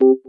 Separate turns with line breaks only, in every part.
Música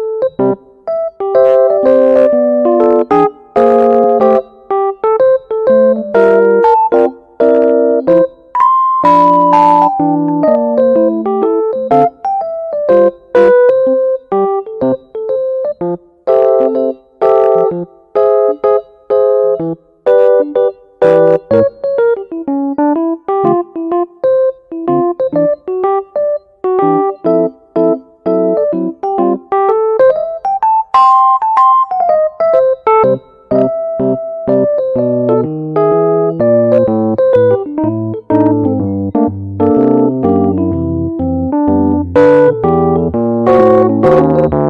Thank you.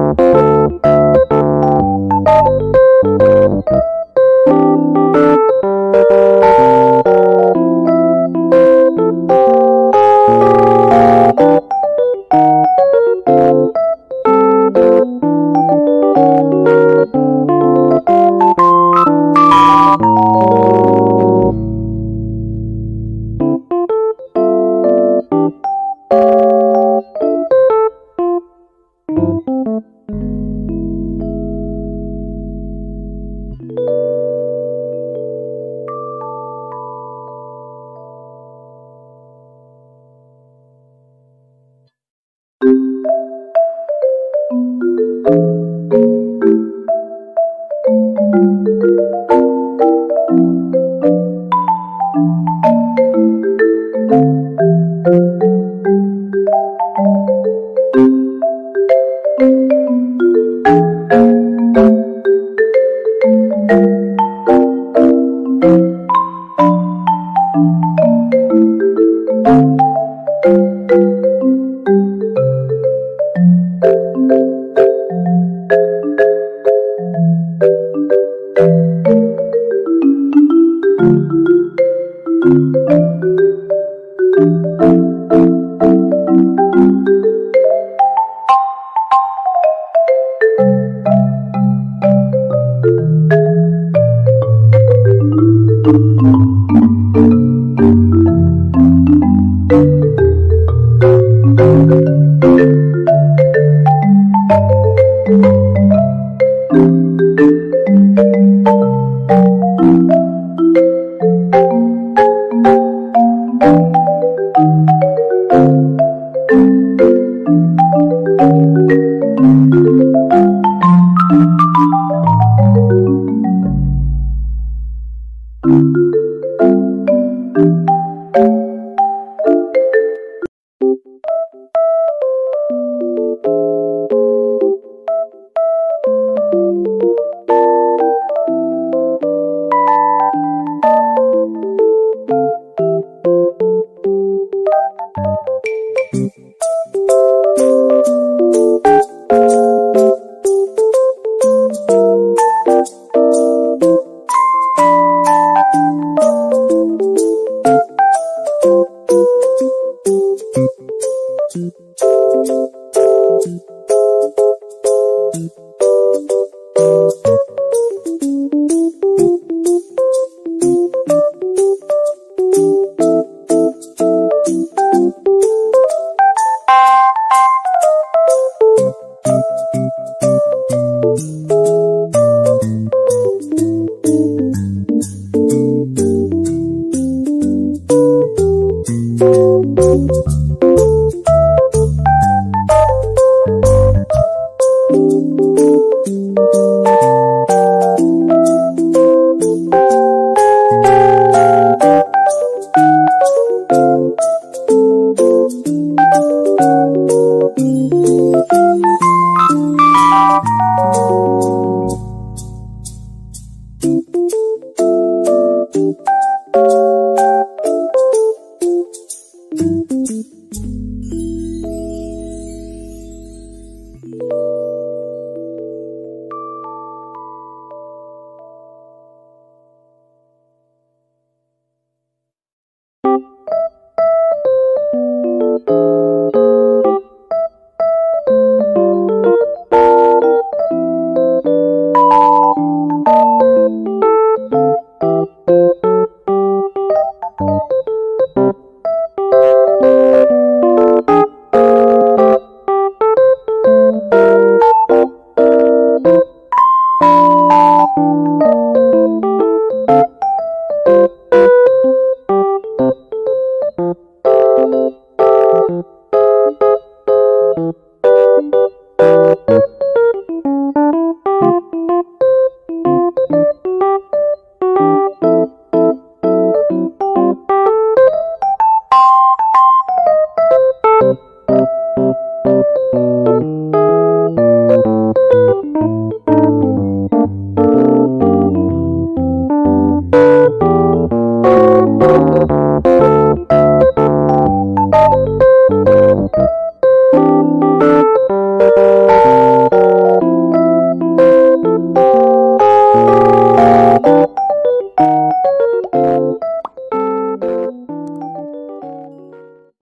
Thank you. Música Thank you. Thank you. Thank you.